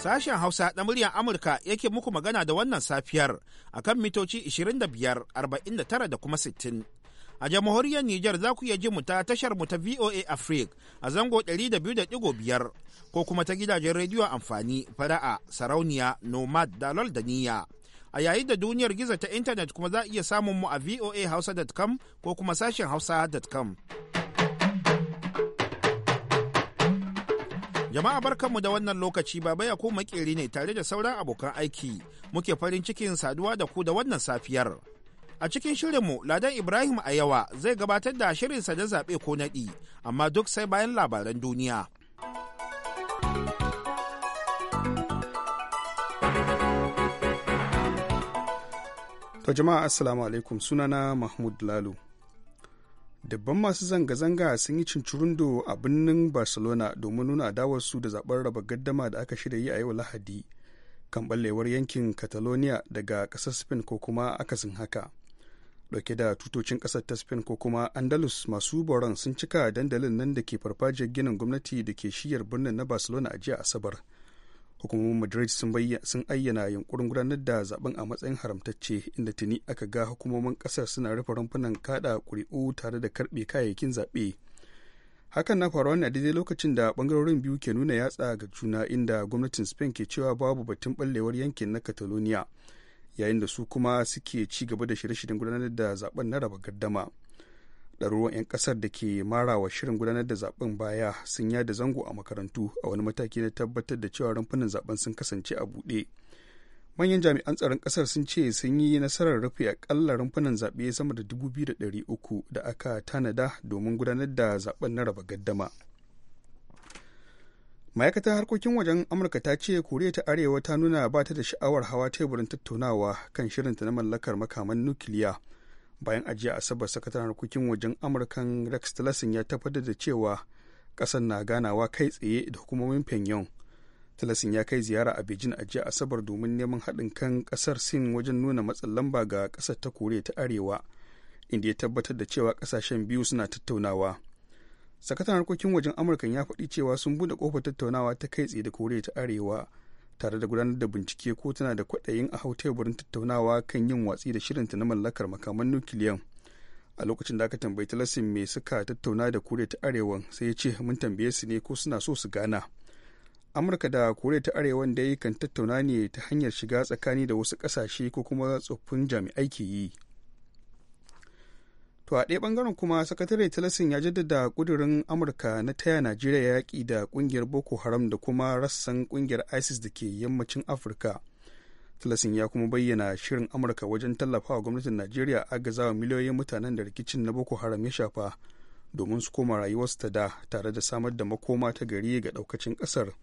Sashen Hausa na muryar Amurka yake muku magana da wannan safiyar akan mitoci 25,49 da kuma 60. A jamhuriyar Nijar za ku iya ji mu ta tashar mu ta VOA Africa a zango 200.5 ko kuma ta gidajen rediyo amfani fara'a sarauniya nomad dalol da niyya. A yayin da duniyar gizo ta intanet kuma za a iya samun mu a VOA voahausa.com ko kuma sashen hausa.com. Jama'a barkanmu da wannan lokaci baba ya ko makeri ne tare da sauran abokan aiki muke farin cikin saduwa da ku da wannan safiyar. A cikin shirinmu Ladan Ibrahim a yawa zai gabatar da shirinsa da zaɓe ko naɗi amma duk sai bayan labaran duniya. To jama'a assalamu alaikum sunana Mahmud Lalu. dabban masu zanga-zanga sun yi cincirundo a birnin barcelona domin nuna adawarsu da zaɓen raba gaddama da aka shirya yi a yau lahadi kan ɓallewar yankin catalonia daga ƙasar spain ko kuma akasin haka ɗauke da tutocin ƙasar ta spain ko kuma andalus masu boron sun cika dandalin nan da ke farfajiyar ginin gwamnati da ke shiyar birnin na barcelona a jiya asabar hukumomin madrid sun ayyana yunkurin gudanar da zaben a matsayin haramtacce inda tuni aka ga hukumomin kasar suna rufe rumfunan kada kuri'u tare da karbe kayayyakin zaɓe hakan na faruwa ne a daidai lokacin da bangarorin biyu ke nuna yatsa ga juna inda gwamnatin spain ke cewa babu batun ballewar yankin na catalonia yayin da su kuma suke ci gaba da shirye-shiryen gudanar da zaben na raba gardama ɗaruruwan 'yan ƙasar da ke marawa shirin gudanar da zaben baya sun yada zango a makarantu a wani mataki na tabbatar da cewa rumfunan zaben sun kasance a buɗe manyan jami'an tsaron ƙasar sun ce sun yi nasarar rufe akalla rumfunan zaɓe sama da 2,300 da aka tanada domin gudanar da zaben na raba gaddama ma'aikatar harkokin wajen amurka ta ce koriya ta arewa ta nuna ba ta da sha'awar hawa teburin tattaunawa kan shirinta na mallakar makaman nukiliya bayan ajiya asabar sakataren harkokin wajen amurkan rex tillerson ya tabbatar da cewa ƙasar na ganawa kai tsaye da hukumomin pyongyang tillerson ya kai ziyara a beijing a jiya asabar domin neman haɗin kan kasar sin wajen nuna matsin lamba ga kasar ta koriya ta arewa inda ya tabbatar da cewa kasashen biyu suna tattaunawa sakataren harkokin wajen amurkan ya faɗi cewa sun buɗe kofar tattaunawa ta kai tsaye da koriya ta arewa tare da gudanar da bincike ko tana da kwaɗayin a hau teburin tattaunawa kan yin watsi da shirinta na mallakar makaman nukiliyan a lokacin da aka tambayi talasin me suka tattauna da kore ta arewan sai ya ce mun tambaye su ne ko suna so su gana amurka da kore ta arewan dai kan tattauna ne ta hanyar shiga tsakani da wasu ƙasashe ko kuma tsoffin jami'ai ke yi to a ɗaya ɓangaren kuma sakatare talasin ya jaddada ƙudurin amurka na taya najeriya yaƙi da ƙungiyar boko haram da kuma rassan ƙungiyar isis da ke yammacin afirka talasin ya kuma bayyana shirin amurka wajen tallafa wa gwamnatin najeriya agazawa miliyoyin mutanen da rikicin na boko haram ya shafa domin su koma rayuwarsu ta da tare da samar da makoma ta gari ga ɗaukacin ƙasar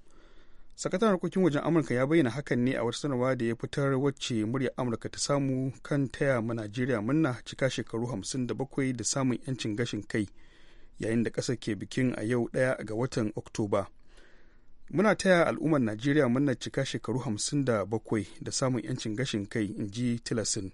sakataren harkokin wajen amurka ya bayyana hakan ne a wata sanarwa da ya fitar wacce murya amurka ta samu kan taya ma najeriya murna cika shekaru 57 da samun yancin gashin kai yayin da ƙasar ke bikin a yau daya ga watan oktoba muna taya al'ummar najeriya murna cika shekaru 57 da samun yancin gashin kai in ji tilasin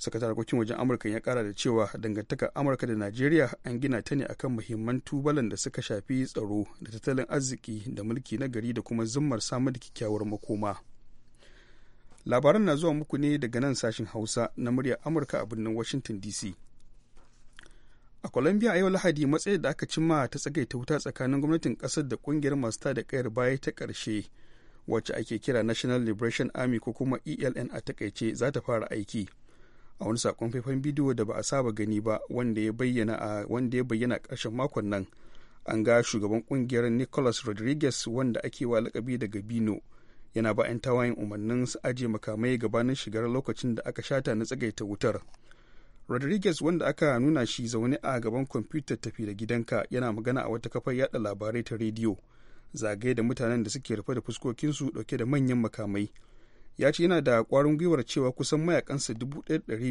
sakatar harkokin wajen amurka ya kara da cewa dangantakar amurka da najeriya an gina ta ne akan muhimman tubalan da suka shafi tsaro da tattalin arziki da mulki na gari da kuma zummar samun da kyakkyawar makoma labaran na zuwa muku ne daga nan sashen hausa na muryar amurka a birnin washington dc a colombia a yau lahadi matsayi da aka cimma ta ta wuta tsakanin gwamnatin kasar da kungiyar masu da kayar baya ta karshe wacce ake kira national liberation army ko kuma eln a takaice za ta fara aiki a wani sakon faifan bidiyo da ba a saba gani ba wanda ya bayyana a wanda ya bayyana ƙarshen makon nan an ga shugaban kungiyar nicholas rodriguez wanda ake wa lakabi da gabino yana ba 'yan tawayen umarnin su aje makamai gabanin shigar lokacin da aka shata na tsagaita wutar rodriguez wanda aka nuna shi zaune a gaban kwamfutar tafi da gidanka yana magana a wata kafar yada labarai ta rediyo zagaye da mutanen da suke rufe da fuskokinsu dauke da manyan makamai ya ce yana da kwarin gwiwar cewa kusan mayakansa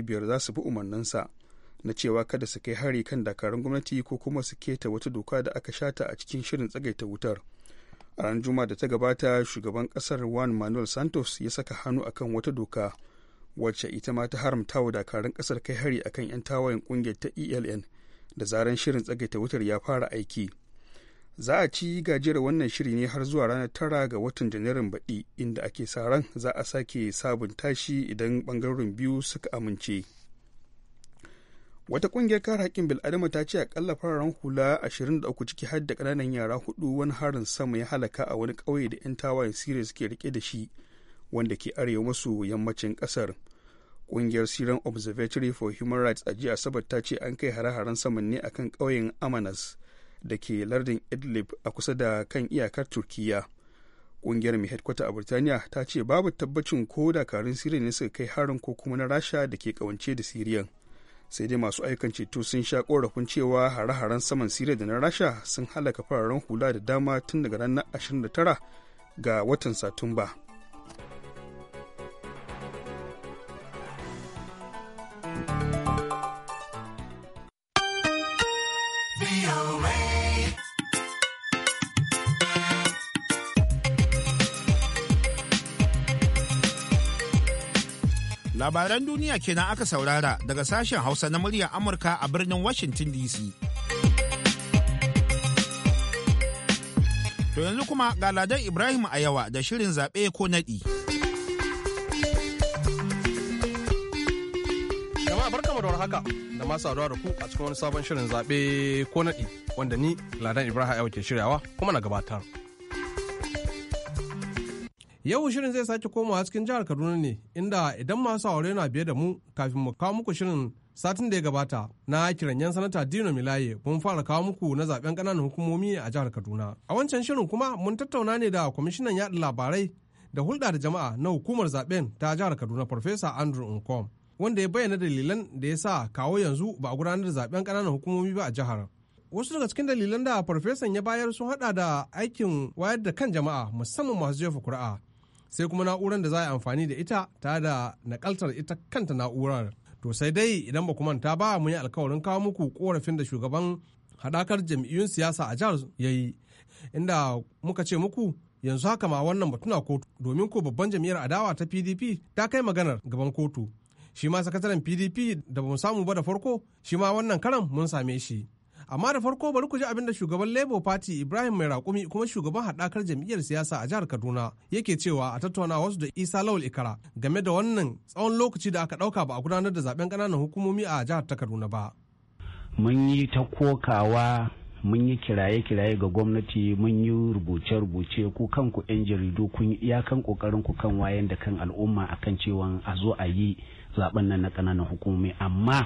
biyar za su bi umarninsa na cewa kada su kai hari kan dakarun gwamnati ko kuma su keta wata doka da aka shata a cikin shirin tsagaita wutar a ran juma'a da ta gabata shugaban kasar juan manuel santos ya saka hannu akan wata doka wacce ita ma ta haramta wa dakarun kasar kai hari akan 'yan tawayen kungiyar ta eln da zaren shirin tsagaita wutar ya fara aiki za a ci gajiyar wannan shiri ne har zuwa ranar tara ga watan janairun baɗi inda ake sa ran za a sake sabunta shi idan ɓangaren biyu suka amince wata ƙungiyar kare haƙƙin bil'adama ta ce akalla fararen hula 23 ciki har da ƙananan yara hudu wani harin sama ya halaka a wani ƙauye da 'yan tawayen siriya suke rike da shi wanda ke arewa maso yammacin ƙasar ƙungiyar siren observatory for human rights a jiya asabar ta ce an kai hare-haren saman ne akan ƙauyen amanas da ke lardin idlib a kusa da kan iyakar turkiya ƙungiyar mai headquarter a burtaniya ta ce babu tabbacin ko dakarun siriya ne suka kai harin ko kuma na rasha da ke kawance da siriyan sai dai masu aikan ceto sun sha korafin cewa hare-haren saman siriya da na rasha sun halaka fararen hula da dama tun daga ranar 29 ga watan satumba Labaran duniya kenan aka saurara daga sashen Hausa na muryar Amurka a birnin Washington DC. To yanzu kuma ga Ladan Ibrahim Ayawa da shirin zaɓe ko naɗi. haka da masu saduwa da ku a cikin wani sabon shirin zaɓe ko naɗi wanda ni Ladan Ibrahim Ayawa ke shiryawa kuma na gabatar. Yau shirin zai sake komawa cikin jihar Kaduna ne inda idan masu aure na biye da mu kafin mu kawo muku shirin satin da ya gabata na kiranyen sanata Dino Milaye mun fara kawo muku na zaben kananan hukumomi a jihar Kaduna. A wancan shirin kuma mun tattauna ne da kwamishinan yaɗa labarai da hulɗa da jama'a na hukumar zaben ta jihar Kaduna Farfesa Andrew Nkom wanda ya bayyana dalilan da ya sa kawo yanzu ba a gudanar da zaben kananan hukumomi ba a jihar. wasu daga cikin dalilan da farfesan ya bayar sun hada da aikin wayar da kan jama'a musamman masu jefa kuri'a sai kuma na'urar da za a yi amfani da ita ta da nakaltar ita kanta na'urar to sai dai idan ba kuma ta ba mun yi alkawarin kawo muku korafin da shugaban haɗakar jam'iyyun siyasa a jihar ya yi inda muka ce muku yanzu haka ma wannan batuna kotu domin ko babban jam'iyyar adawa ta pdp ta kai maganar gaban kotu shi ma sakataren pdp da ba mu samu ba da farko shi ma wannan karan mun same shi Amma da farko bari ku ji abin da shugaban Labour Party Ibrahim Mai Raƙumi kuma shugaban haɗakar jam'iyyar siyasa a jihar Kaduna yake cewa a tattauna wasu da Isa Lawal Ikara game da wannan tsawon lokaci da aka ɗauka ba a gudanar da zaben ƙananan hukumomi a jihar ta Kaduna ba. Mun yi ta kokawa mun yi kiraye-kiraye ga gwamnati mun yi rubuce-rubuce ku kanku 'yan jaridu kun yi iyakan kokarin ku kan wayan da kan al'umma akan cewa a zo a yi zaben nan na kananan hukumomi amma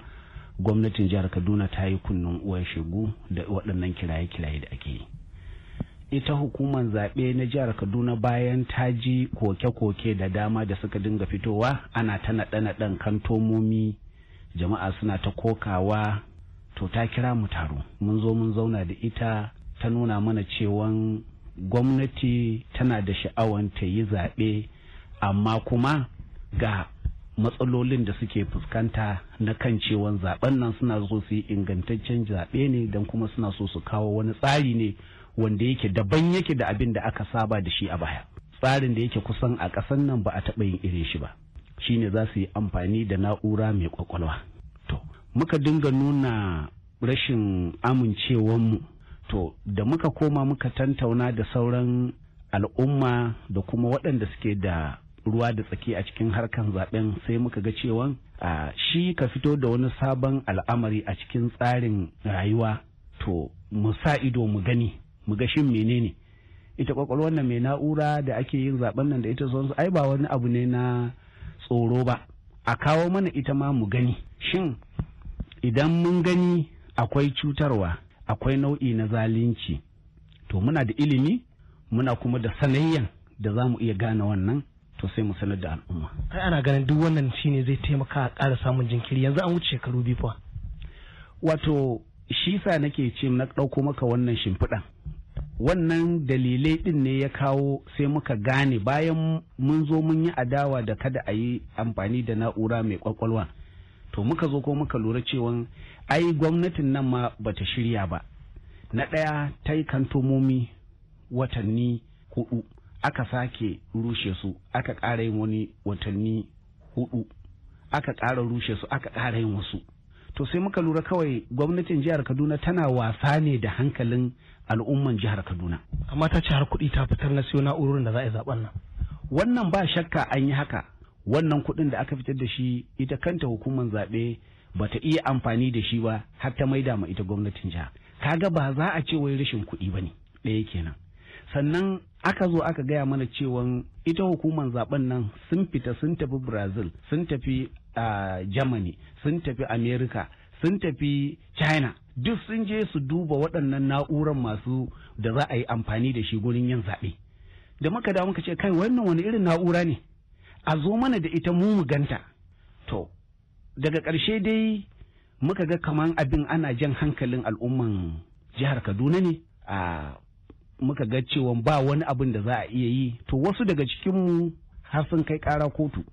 gwamnatin jihar kaduna ta yi kunnen uwar shegu da waɗannan kiraye-kiraye da ake yi ita hukumar zaɓe na jihar kaduna bayan ta ji koke-koke da dama da suka dinga fitowa ana ta naɗe-naɗen kantomomi jama'a suna ta kokawa to ta kira mu taro mun zo mun zauna da ita ta nuna mana cewan gwamnati tana da sha'awar ta yi zaɓe amma kuma ga matsalolin da suke fuskanta na kan cewan zaben nan suna zo su yi ingantaccen zaɓe ne don kuma suna so su kawo wani tsari ne wanda yake daban yake da abin da aka saba da shi a baya tsarin da yake kusan a ƙasan nan ba a taɓa yin irin shi ba shine za su yi amfani da na'ura mai kwakwalwa to muka dinga nuna rashin amincewanmu to da muka koma muka tantauna da sauran al'umma da kuma waɗanda suke da ruwa da tsaki a cikin harkan zaben sai muka ga cewa shi ka fito da wani sabon al'amari a cikin tsarin rayuwa to mu sa ido mu gani mu ga shin menene ita kwakwalwar wannan mai na'ura da ake yin zaben nan da ita sauransu ai ba wani abu ne na tsoro ba a kawo mana ita ma mu gani shin idan mun gani akwai cutarwa akwai nau'i na zalunci to muna da ilimi muna kuma da sanayyan da za mu iya gane wannan to sai mu sanar da al'umma Kai ana ganin duk wannan shine zai taimaka a ƙara samun jinkiri yanzu an wuce shekaru biyu fa wato shi sa nake ce na ɗauko maka wannan shimfiɗan wannan dalilai ɗin ne ya kawo sai muka gane bayan mun zo mun yi adawa da kada a yi amfani da na'ura mai kwakwalwa to muka zo ko muka lura cewa ai gwamnatin nan ma bata shirya ba na ɗaya ta yi kantomomi watanni hudu aka sake rushe su aka ƙara yin wani watanni hudu aka ƙara rushe su aka ƙara yin wasu to sai muka lura kawai gwamnatin jihar kaduna tana wasa ne da hankalin al'umman jihar kaduna amma ta ci har kuɗi ta fitar na siyo na'urorin da za a yi zaɓen nan wannan ba shakka an yi haka wannan kuɗin da aka fitar da shi ita kanta hukumar zaɓe ba ta iya amfani da shi ba har ta maida ma ita gwamnatin jiha kaga ba za a ce wai rashin kuɗi ba ne ɗaya kenan sannan aka zo aka gaya mana cewa ita hukumar zaben nan sun fita sun tafi brazil sun tafi a germany sun tafi america sun tafi china duk sun je su duba waɗannan na'urar masu da za a yi amfani da shi gurin yin zaɓe da muka da muka ce kai wannan wani irin na'ura ne a zo mana da ita mu mu ganta to daga ƙarshe dai muka ga kaman abin ana jan hankalin al'umman jihar kaduna ne a muka ga cewa ba wani abin da za a iya yi to wasu daga cikinmu har sun kai ƙara kotu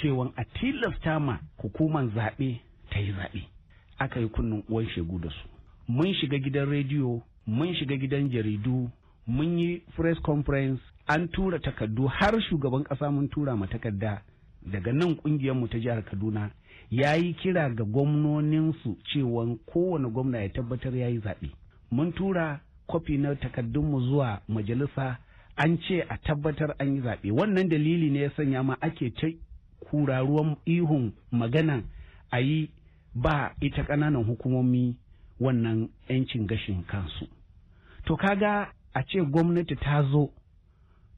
cewa a tilasta ma hukumar zaɓe ta yi zaɓe aka yi kunnun uwan shegu da su mun shiga gidan rediyo mun shiga gidan jaridu mun yi press conference an tura takardu har shugaban ƙasa mun tura ma takarda daga nan ƙungiyarmu ta jihar kaduna ya yi kira ga gwamnoninsu cewa kowane gwamna ya tabbatar ya yi zaɓe mun tura kwafi na takardunmu zuwa majalisa an ce a tabbatar an yi zaɓe wannan dalili ne ya sanya ma ake ta kuraruwan ihun maganan a yi ba ita ƙananan hukumomi wannan 'yancin gashin kansu to kaga a ce gwamnati ta zo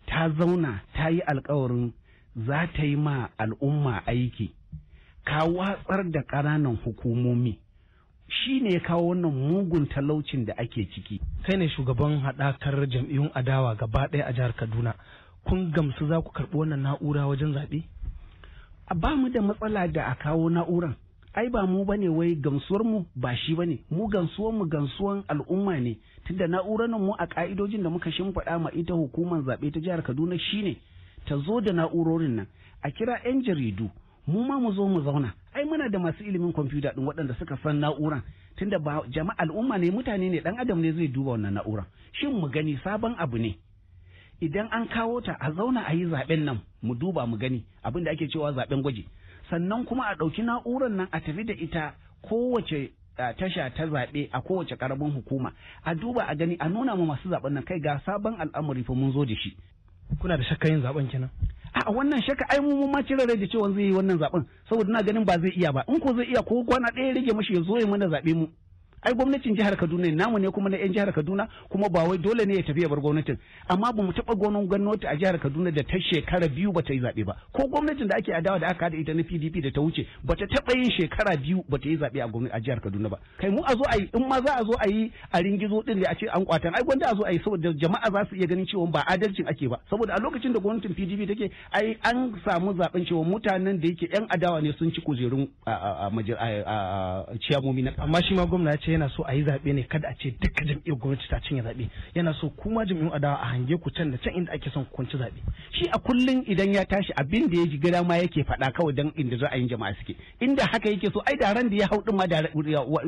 ta zauna ta yi alkawarin za ta yi ma al'umma aiki ka watsar da ƙananan hukumomi shi ne ya kawo wannan mugun talaucin da ake ciki. Kai ne shugaban haɗakar jam'iyyun adawa gaba ɗaya a jihar Kaduna. Kun gamsu za ku karɓi wannan na'ura wajen zaɓe? Ba mu da matsala da a kawo na'uran. Ai ba mu bane wai gamsuwar mu ba shi bane. Mu gamsuwar mu gamsuwan al'umma ne. Tunda na'urar mu a ƙa'idojin da muka shimfiɗa ma ita hukumar zaɓe ta jihar Kaduna shine ta zo da na'urorin nan. A kira 'yan jaridu mu ma mu zo mu zauna. ai muna da masu ilimin kwamfuta din waɗanda suka san na'uran tunda ba jama'a al'umma ne mutane ne dan adam ne zai duba wannan na'ura shin mu gani sabon abu ne idan an kawo ta a zauna a yi zaben nan mu duba mu gani abin da ake cewa zaben gwaji sannan kuma a ɗauki na'urar nan a tafi da ita kowace tasha ta zaɓe a kowace ƙaramin hukuma a duba a gani a nuna ma masu zaben nan kai ga sabon al'amari fa mun zo da shi kuna da shakka yin zaben kenan a wannan shaka ai mu ma cire rai da cewa zai yi wannan zaben saboda ina ganin ba zai iya ba in ko zai iya ko kwana ɗaya rage mashi ya zo ya mana zaɓe mu ai gwamnatin jihar Kaduna namu ne kuma na yan jihar Kaduna kuma ba wai dole ne ya tafi ya bar gwamnatin amma ba mu taba gonon gwamnati a jihar Kaduna da ta shekara biyu bata yi zabe ba ko gwamnatin da ake adawa da aka da ita na PDP da ta wuce bata taba yin shekara biyu bata yi zabe a gwamnati a jihar Kaduna ba kai mu a zo a yi in ma za a zo a yi a ringizo din da a ce an kwatan ai gwanda a zo a yi saboda jama'a za su iya ganin cewa ba adalcin ake ba saboda a lokacin da gwamnatin PDP take ai an samu zaben cewa mutanen da yake yan adawa ne sun ci kujerun a ciyamomi na amma shi ma gwamnati ce yana so a yi zaɓe ne kada a ce duka jam'iyyar gwamnati ta cinye zaɓe yana so kuma jam'iyyar adawa a hange ku can da can inda ake son ku kunci zaɓe. shi a kullum idan ya tashi abin da ya ji gada ma yake faɗa kawai dan inda yi jama'a suke inda haka yake so ai da ran da ya hau din ma da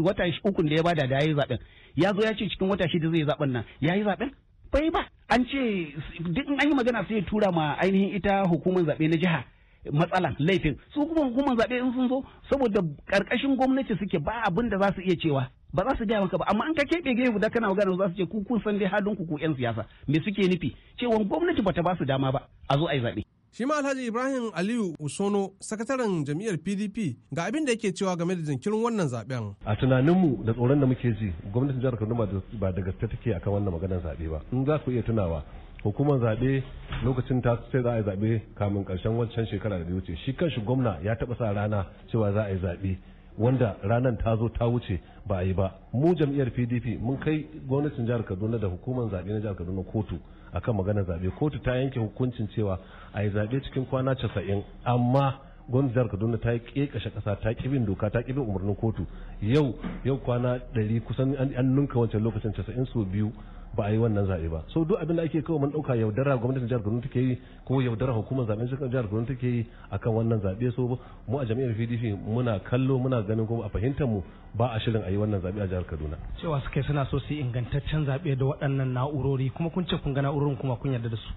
wata uku da ya bada da yayi zaɓen ya zo ya ce cikin wata shida zai zaɓen nan ya yi zaɓen bai ba an ce duk an yi magana sai ya tura ma ainihin ita hukumar zaɓe na jiha matsalan laifin su kuma hukumar zaɓe in sun zo saboda ƙarƙashin gwamnati suke ba abin da za su iya cewa ba za su gaya maka ba amma an ka keɓe gefe guda kana magana za su ce ku kun san dai halin ku ku yan siyasa me suke nufi cewa gwamnati bata ba su dama ba a zo a yi zaɓe. shi ma alhaji ibrahim aliyu usono sakataren jam'iyyar pdp ga abin da yake cewa game da jinkirin wannan zaɓen. a tunaninmu da tsoron da muke ji gwamnatin jihar kaduna ba da gaske take akan wannan maganar zaɓe ba in za ku iya tunawa hukumar zaɓe lokacin ta sai za a yi zaɓe kamin ƙarshen wancan shekara da wuce shi kanshi gwamna ya taɓa sa rana cewa za a yi zaɓe wanda ranar ta zo ta wuce ba a yi ba mu jam'iyyar pdp mun kai gwamnatin jihar kaduna da hukumar zaɓe na jihar kaduna kotu akan maganar zaɓe kotu ta yanke hukuncin cewa a yi zaɓe cikin kwana casa'in amma gwamnatin jihar kaduna ta yi ƙeƙashe ƙasa ta ƙi bin doka ta ƙi bin umarnin kotu yau yau kwana ɗari kusan an ninka wancan lokacin casa'in sau biyu ba a yi wannan zaɓe ba so duk abin da ake kawo mun ɗauka yaudara gwamnatin jihar Kaduna take yi ko yaudara hukumar zaɓen jihar kaduna take yi akan wannan zaɓe so mu a jami'ar PDP muna kallo muna ganin kuma a fahimtar mu ba a shirin a yi wannan zaɓe a jihar Kaduna cewa suka suna so su yi ingantaccen zaɓe da waɗannan na'urori kuma kun ce kun ga na'urorin kuma kun yarda da su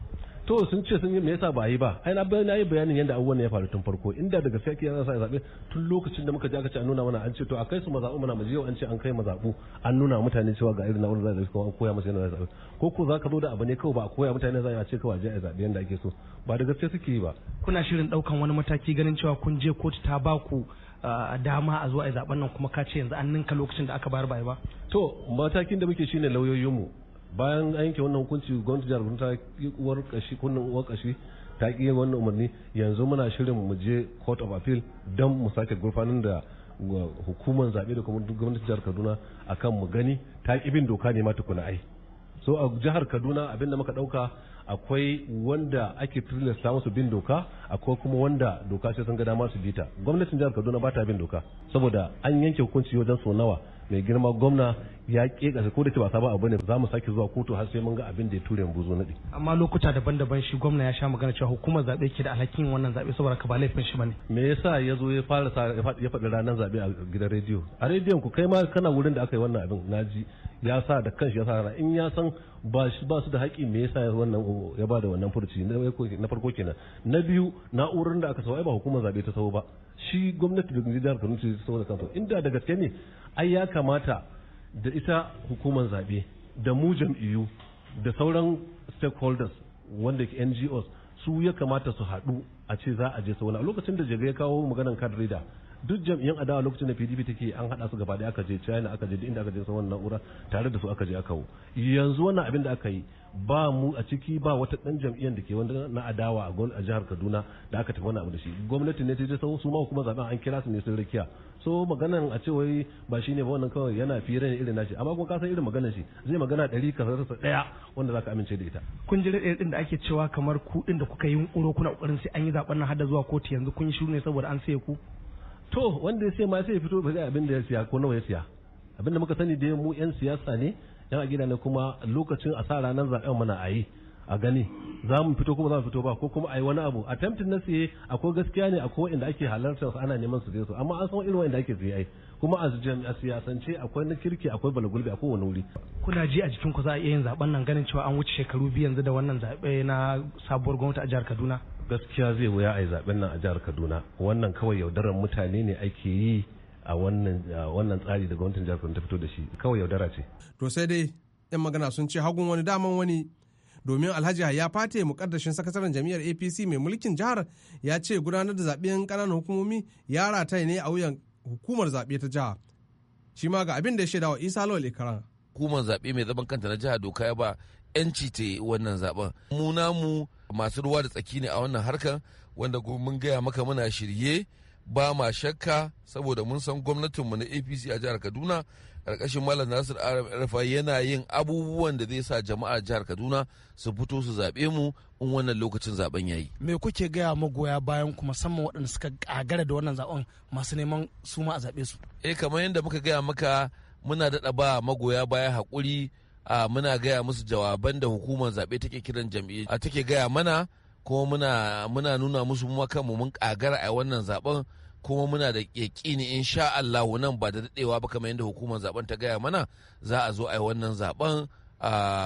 to sun ce sun yi me yasa ba yi ba ai na bayan yi bayanin yadda abubuwan ya faru tun farko inda daga gaskiya kiyar sa zabe tun lokacin da muka je aka ce an nuna mana an ce to kai su mazabu mana mu yau an ce an kai mazabu an nuna mutane cewa ga irin na'urar zabe ko an koya masu yadda zabe ko ko za ka zo da abu ne kawai ba a koya mutane za a ce kawai je a zabe yadda ake so ba da gaske suke yi ba kuna shirin daukan wani mataki ganin cewa kun je kotu ta ba ku dama a zuwa a zaben nan kuma ka ce yanzu an ninka lokacin da aka bayar ba to matakin da muke shine lauyoyinmu bayan an yanke wannan hukunci gwamnati jihar Borno ta yi uwar kashi kunnan uwar kashi ta ki wannan umarni yanzu muna shirin mu je court of appeal don mu sake gurfanin da hukumar zaɓe da kuma gwamnatin jihar Kaduna akan mu gani ta ki bin doka ne ma tukuna ai so a jihar Kaduna abin da muka ɗauka akwai wanda ake tilasta musu bin doka akwai kuma wanda doka sai sun ga dama su bita gwamnatin jihar Kaduna ba ta bin doka saboda an yanke hukunci wajen so nawa mai girma gwamna ya ke kekasa ko da ba sabon abu ne za mu sake zuwa kotu har sai mun ga abin da ya ture buzo nadi amma lokuta daban-daban shi gwamna ya sha magana cewa hukumar zabe ke da alhakin wannan zabe saboda ka ba laifin shi bane me yasa ya zo ya fara ya faɗi ranar zabe a gidan rediyo a rediyon ku kai ma kana wurin da aka yi wannan abin naji ya sa da kanshi ya sa rana in ya san ba su da haƙi me yasa wannan ya ba da wannan furci na farko kenan na biyu na'urar da aka sawa ba hukumar zabe ta sawo ba shi gwamnati da da Kano ce da kanto inda da gaske ne ai ya kamata da ita hukumar zaɓe da mu jam'iyyu da sauran stakeholders wanda ke NGOs su ya kamata su haɗu a ce za a je sauna a lokacin da jage ya kawo maganan card reader duk jam'iyyar adawa lokacin da PDP take an hada su gaba da aka je China aka je inda aka je sun wannan na'ura tare da su aka je aka yanzu wannan abin da aka yi ba mu a ciki ba wata dan jam'iyyar da ke wanda na adawa a jihar Kaduna da aka tafi wannan abu da shi gwamnati ne ta je su ma kuma zaben an kira su ne sun rakiya so maganan a ce wai ba shine ba wannan kawai yana fi rai irin nashi amma kuma ka san irin maganar shi zai magana ɗari ka rasa ɗaya wanda zaka amince da ita kun ji rai din da ake cewa kamar ku din da kuka yi yunkuro kuna kokarin sai an yi zaben nan har da zuwa kotu yanzu kun yi shiru ne saboda an sai ku to wanda ya sai ma sai ya fito ba zai abin da ya siya ko nawa ya siya abin da muka sani da mu yan siyasa ne yan a gida ne kuma lokacin a sa ranar zaben mana a yi a gani za mu fito kuma za mu fito ba ko kuma a yi wani abu a tamtin na siye akwai gaskiya ne akwai inda ake halarta su ana neman su je su amma an san irin wanda ake siye kuma a jami'a siyasance akwai na kirki akwai balagulbi akwai wani wuri kuna ji a jikin ku za a iya yin zaben nan ganin cewa an wuce shekaru biyu yanzu da wannan zaɓe na sabuwar gwamnati a jihar Kaduna gaskiya zai wuya a yi zaben nan a jihar kaduna wannan kawai yaudarar mutane ne ake yi a wannan tsari da gwamnatin jihar kaduna ta fito da shi kawai yaudara ce to sai dai yan magana sun ce hagun wani daman wani domin alhaji ya fate mukaddashin sakataren jami'ar apc mai mulkin jihar ya ce gudanar da zaben kananan hukumomi ya rataye ne a wuyan hukumar zaɓe ta jihar shi ma ga abin da ya shaidawa isa lawal ikran hukumar zaɓe mai zaman kanta na jihar doka ya ba 'yanci ta yi wannan zaben mu masu ruwa da tsaki ne a wannan harkar wanda mun gaya maka muna shirye ba ma shakka saboda mun san gwamnatinmu na apc a jihar kaduna ƙarƙashin malam nasir arafa yana yin abubuwan da zai sa jama'a jihar kaduna su fito su zaɓe mu in wannan lokacin zaben yayi me kuke gaya magoya bayan ku musamman waɗanda suka ƙagara da wannan zaben masu neman su ma a zaɓe su eh kamar yadda muka gaya maka muna daɗa ba magoya baya haƙuri a muna gaya musu jawaban da hukumar zaɓe take kiran jam'iyyar a take gaya mana kuma muna nuna musu mu kanmu mun kagara a wannan zaben kuma muna da yaƙini insha Allah nan ba da daɗewa ba kamar yadda hukumar zaben ta gaya mana za a zo a yi wannan zaben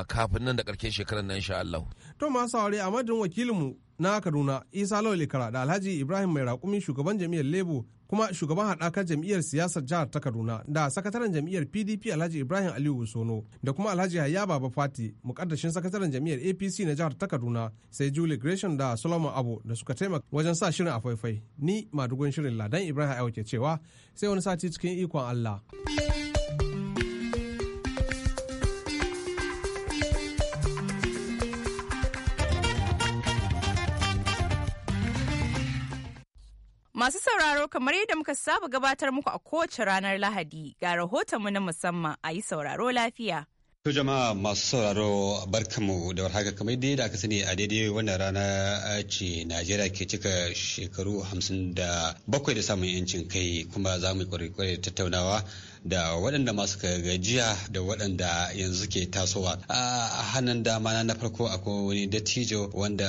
kafin nan da ƙarshen shekarar nan sha Allah. To ma aure a madadin wakilinmu na Kaduna Isa Lawli Kara da Alhaji Ibrahim Mai Raƙumi shugaban jami'ar Lebo kuma shugaban haɗakar jam'iyyar siyasar jihar ta kaduna da sakataren jam'iyyar pdp alhaji ibrahim aliyu sono da kuma alhaji hayya baba fati mukaddashin sakataren jam'iyyar apc na jihar ta kaduna sai julie gresham da solomon abu da suka taimaka wajen sa shirin a faifai ni madugun shirin ladan ibrahim ayo cewa sai wani sati cikin ikon allah. Masu sauraro kamar yadda muka saba gabatar muku a kowace ranar Lahadi ga rahotonmu na musamman a yi sauraro lafiya. To jama'a masu sauraro barkanmu da warhaka kamar yadda da aka sani a daidai wannan rana ce Najeriya ke cika shekaru hamsin da bakwai da samun 'yancin kai kuma za mu yi kwarai tattaunawa da waɗanda masu gajiya da waɗanda yanzu ke tasowa a hannun dama na farko akwai wani dattijo wanda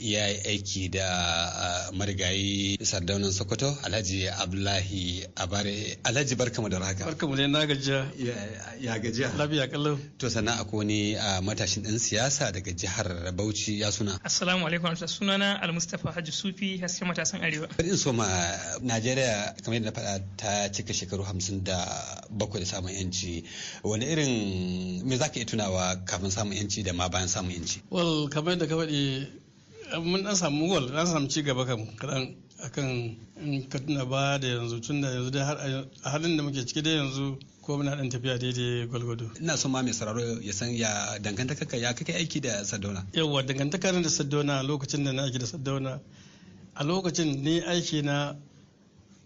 ya yi aiki da marigayi sardaunan sokoto alhaji abdullahi abare alhaji mu da raka mu ne na gajiya ya gajiya lafiya kallon to sannan akwai wani matashin ɗan siyasa daga jihar bauchi ya suna assalamu alaikum sunana almustafa hajji sufi hasken matasan arewa in so ma najeriya kamar yadda na faɗa ta cika shekaru hamsin da bakwai da samun yanci wani irin me za ka iya tunawa kafin samun yanci da ma bayan samun yanci well kamar yadda ka faɗi mun dan samu wal na samu ci gaba kan kaɗan akan in ka tuna ba da yanzu tun da yanzu dai a halin da muke ciki dai yanzu ko muna dan tafiya daidai gwalgwado. Ina son ma mai sauraro ya san ya ka ya kake aiki da Sadona. Yawwa dangantakar da Sadona lokacin da na aiki da Sadona a lokacin ni aiki na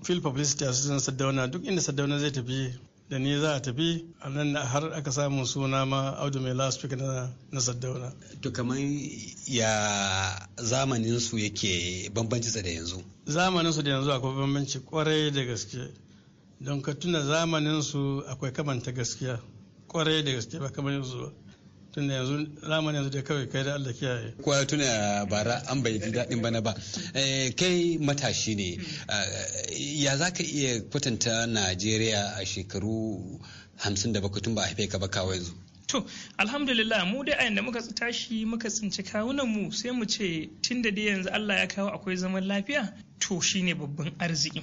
field publicity a sunan sadauna duk inda sadauna zai tafi da ni za a tafi a nan har aka samu suna ma audu mai last na, na sadauna to kamar ya zamanin su yake bambanci da yanzu zamanin su da yanzu akwai bambanci kwarai da gaske don ka tuna zamanin su akwai kamanta gaskiya kwarai da gaske ba kamar yanzu ba tunda yanzu zamani yanzu dai kawai kai da Allah kiyaye kowa tuna bara an bai ji daɗin bana ba eh, kai matashi ne eh, ya za ka iya kwatanta Najeriya a shekaru hamsin da bakwai tun ba a haife ka ba kawai yanzu To, alhamdulillah mu dai a yanda muka tashi muka tsinci kawunan mu sai mu ce tun da dai yanzu Allah ya kawo akwai zaman lafiya to shine babban arziki.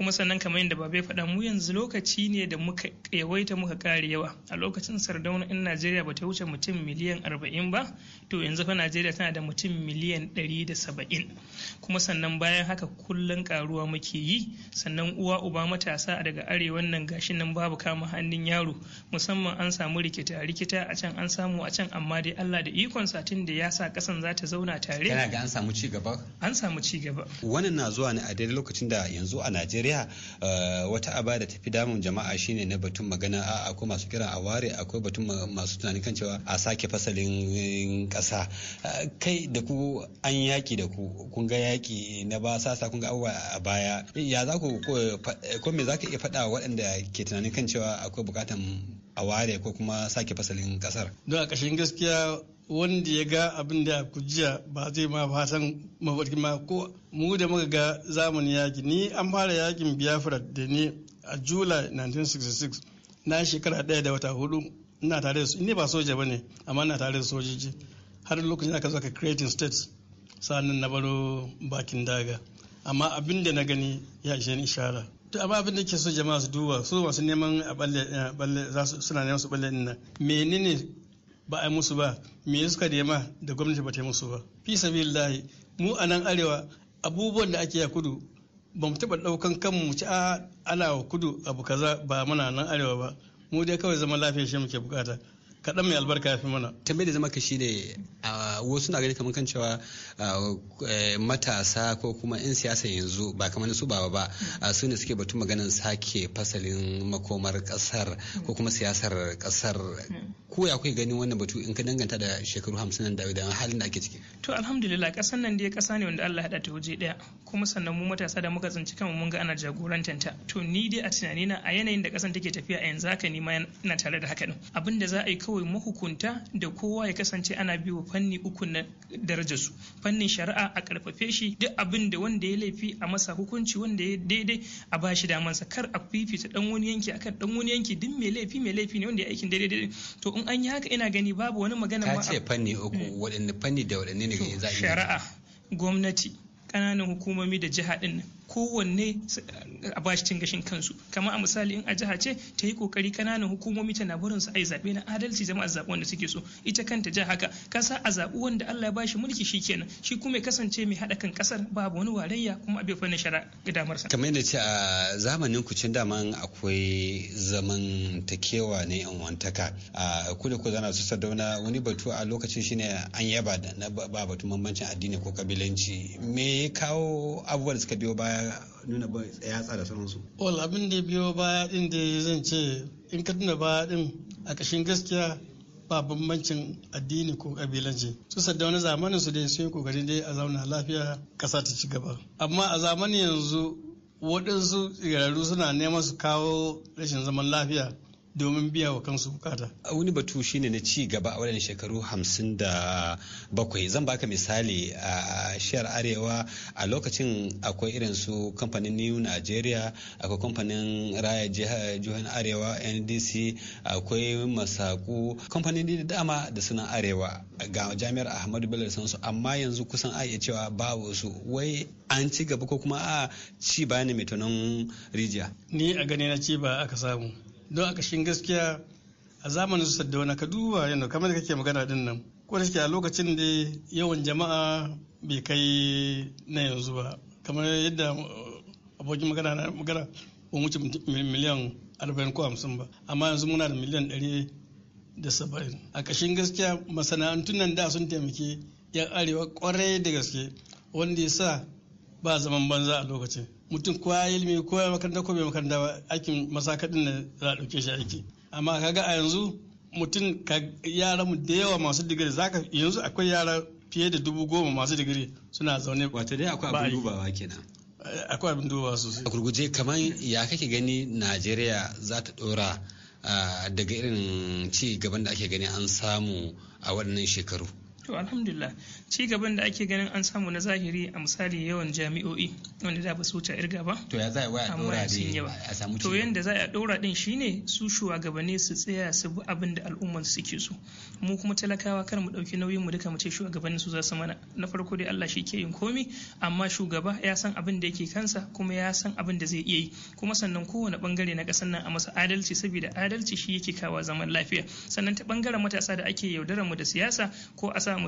kuma sannan kamar yadda babai faɗa mu yanzu lokaci ne da muka yawaita muka kare yawa a lokacin sardauna in najeriya ba ta wuce mutum miliyan arba'in ba to yanzu fa najeriya tana da mutum miliyan ɗari da saba'in kuma sannan bayan haka kullum karuwa muke yi sannan uwa uba matasa daga arewan nan gashi nan babu kama hannun yaro musamman an samu rikita rikita a can an samu a can amma dai allah da ikon satin da ya sa kasan za ta zauna tare kana ga an samu ci gaba an samu ci gaba wannan na zuwa ne a daidai lokacin da yanzu a najeriya najeriya eh, wata aba da tafi damun jama'a shine na batun magana a akwai masu kira a ware akwai batun masu tunanin kan cewa a sake fasalin kasa eh, eh, kai da ku an yaki da ku kun ga yaki na ba sasa kun ga abubuwa a baya ya za ku ko me za ka iya faɗa waɗanda ke tunanin kan cewa akwai bukatan a ware ko kuma sake fasalin kasar. Don a ƙashin gaskiya wanda ya ga abin da kujiya ba zai ma fatan mafarki ma ko mu da muka ga zamanin yaki ni an fara yakin biafra da ni a july 1966 na shekara ɗaya da wata hudu ina tare da su ni ba soja ba ne amma ina tare da sojoji har lokacin aka zaka ka creating states sannan na baro bakin daga amma abin da na gani ya ishe ni ishara to amma abin da ke so jama'a su duba su masu neman a balle suna neman su balle din nan menene ba a yi musu ba me suka nema da gwamnati ba ta musu ba fi sabilillahi mu a nan arewa abubuwan da ake a kudu ba mu taɓa ɗaukan kanmu mu ci a ana wa kudu abu kaza ba muna nan arewa ba mu dai kawai zama lafiya shi muke bukata kaɗan mai albarka ya fi mana tambayar da zama ka ne a wasu na gani kamar kan cewa eh, matasa ko kuma 'yan siyasa yanzu ba kamar su ba ba su ne suke batun maganin sake fasalin makomar kasar ko kuma siyasar kasar ko ya kai ganin wannan batu in ka danganta da shekaru hamsin da da halin da ake ciki to alhamdulillah ƙasar nan dai kasa ne wanda Allah ya ta waje ɗaya kuma sannan mu matasa da muka tsinci kanmu mun ga ana jagorantanta to ni dai a tunanina a yanayin da kasan take tafiya a yanzu haka ni ma ina tare da haka din abin da za a yi kawai mahukunta da kowa ya kasance ana wa fanni uku na darajarsu fannin shari'a a karfafe shi duk abin da wanda ya laifi a masa hukunci wanda ya daidai a ba shi damansa kar a fifita dan wani yanki akan dan wani yanki duk mai laifi mai laifi ne wanda ya aikin daidai to in an yi haka ina gani babu wani magana ma ce fanni uku mm. waɗanne fanni da waɗanne ne ga shari'a gwamnati kananan hukumomi da jiha din nan kowanne a bashi cin gashin kansu kamar a misali in a jiha ce ta yi kokari kananan hukumomi tana barin su a yi zaɓe na adalci jama'a zaɓi wanda suke so ita kanta jiha haka kasa a zaɓi wanda Allah ya bashi mulki shi kenan shi kuma ya kasance mai haɗa kan ƙasar babu wani warayya kuma bai fannin shara ga damar sa kamar yadda ce a zamanin ku cin daman akwai zaman takewa ne in wantaka a ku da ku zana su sadauna wani batu a lokacin shine an yaba da na ba batun bambancin addini ko kabilanci me ya kawo abubuwan da suka biyo baya nuna ba ya tsara sauransu. Wal abin da biyo baya din da zan ce in ka tuna baya din a ƙashin gaskiya ba bambancin addini ko kabilanci su sadda wani zamanin su dai sun yi dai a zauna lafiya ƙasa ta ci gaba amma a zamanin yanzu waɗansu tsirarru suna neman su kawo rashin zaman lafiya domin biya wa kansu bukata. A wani batu shine na ci gaba a wadannan shekaru hamsin da bakwai zan baka misali a shiyar arewa a lokacin akwai irin su kamfanin New Nigeria akwai kamfanin raya jihar arewa NDC akwai masaku kamfanin da dama da suna arewa ga jami'ar Ahmadu Bello da sansu amma yanzu kusan a iya cewa babu su wai an ci gaba ko kuma a ci baya mai rijiya. Ni a gani na ci ba aka samu. don a kashin gaskiya a zamanin su sadda ka duba yadda kamar da kake magana din nan ko da a lokacin da yawan jama'a bai kai na yanzu ba kamar yadda uh, abokin magana na magana wuce miliyan arba'in ko hamsin ba amma yanzu muna da miliyan ɗari da saba'in a kashin gaskiya masana'antun nan da sun taimake yan arewa kwarai da gaske wanda ya sa ba zaman banza a lokacin mutum ko ya ilimi ko ya makaranta ko bai makaranta ba aikin masakadin da za a ɗauke shi aiki amma kaga a yanzu mutum ka yara mu da yawa masu digiri zaka yanzu akwai yara fiye da dubu goma masu digiri suna zaune wato dai akwai abin dubawa kenan eh, akwai abin dubawa sosai a gurguje kamar ya kake gani najeriya za ta ɗora daga irin ci gaban da ake gani an samu a waɗannan shekaru to alhamdulillah ci gaban da ake ganin an samu na zahiri a misali yawan jami'o'i wanda da ba su wuce irga ba to ya za a ɗora a samu to yanda za a ɗora din shine su shugabanni su tsaya su bi abin da al'ummar suke so mu kuma talakawa kar mu ɗauki nauyin mu duka mu ce shugabanni su za su mana na farko dai Allah shi ke yin komi amma shugaba ya san abin da yake kansa kuma ya san abin da zai iya yi kuma sannan kowane bangare na ƙasar nan a masa adalci saboda adalci shi yake kawo zaman lafiya sannan ta bangaren matasa da ake yaudarar mu da siyasa ko a sa mu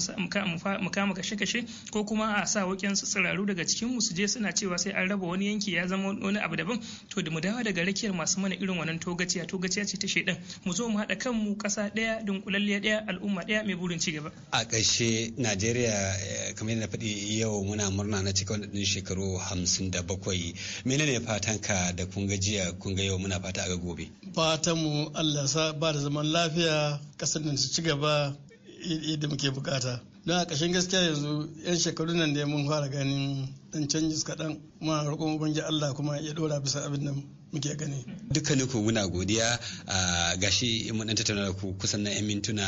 kama kashe-kashe ko kuma a sa waƙensu tsiraru daga cikin mu su je suna cewa sai an raba wani yanki ya zama wani abu daban to da mu dawo daga rakiyar masu mana irin wannan togaciya togaciya ce ta shedan mu zo mu haɗa kanmu ƙasa ɗaya dunkulalliya ɗaya al'umma ɗaya mai burin ci gaba. a ƙarshe najeriya eh, kamar yadda faɗi yau muna murna na cika wadannan shekaru hamsin da bakwai menene fatan ka da kun ga jiya kun ga yau muna fata a ga gobe. fatan mu allah sa ba da zaman lafiya ƙasar nan su ci gaba yadda muke bukata. don a ƙashin gaskiya yanzu 'yan shekaru nan da ya mun fara ganin dan canjis kaɗan ma roƙon ubangiji Allah kuma ya ɗora bisa abin da muke gani. Dukkanin ku muna godiya a gashi mun dan tattauna da ku kusan na 'yan mintuna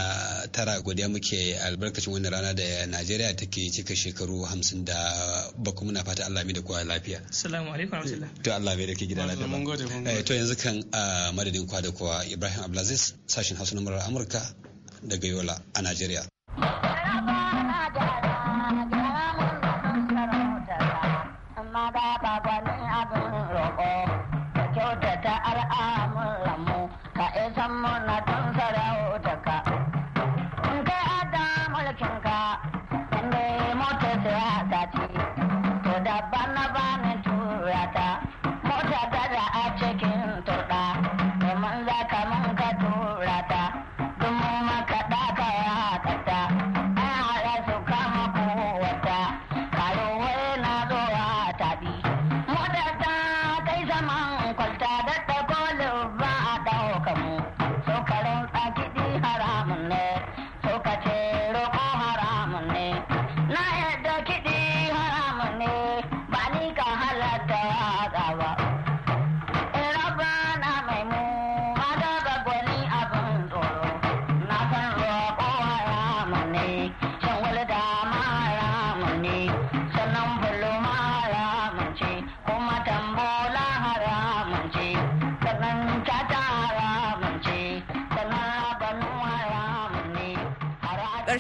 tara godiya muke albarkacin wannan rana da Najeriya take cika shekaru hamsin da muna fata Allah mai da kuwa lafiya. Assalamu alaikum warahmatullah. To Allah mai da ke gida lafiya. Eh, to yanzu kan madadin kwa da kowa Ibrahim Abdulaziz sashin Hausa na Amurka daga Yola a Najeriya. la la.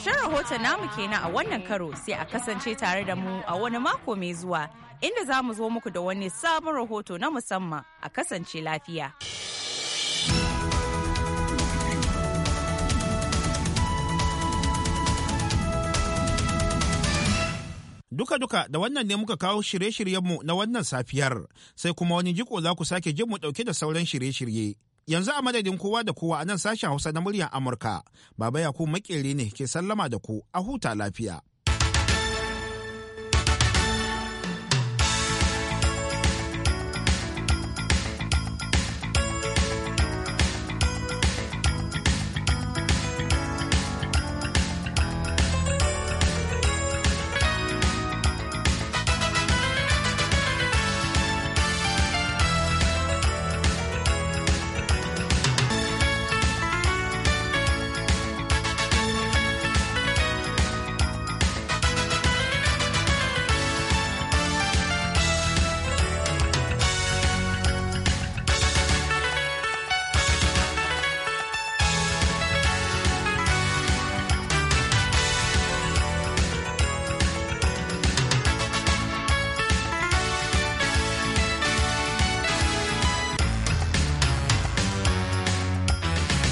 Ƙarshen rahoton namu kenan a wannan karo sai a kasance tare da mu a wani mako mai zuwa inda za mu zo muku da wani sabon rahoto na musamman a kasance lafiya. Duka-duka da wannan ne muka kawo shirye-shiryenmu na wannan safiyar, sai kuma wani jiko za ku sake jin mu ɗauke da sauran shirye-shirye. Yanzu a madadin kowa da kowa a nan sashen Hausa na muryar Amurka, Baba Yakubu makere ne ke sallama da ku a huta lafiya.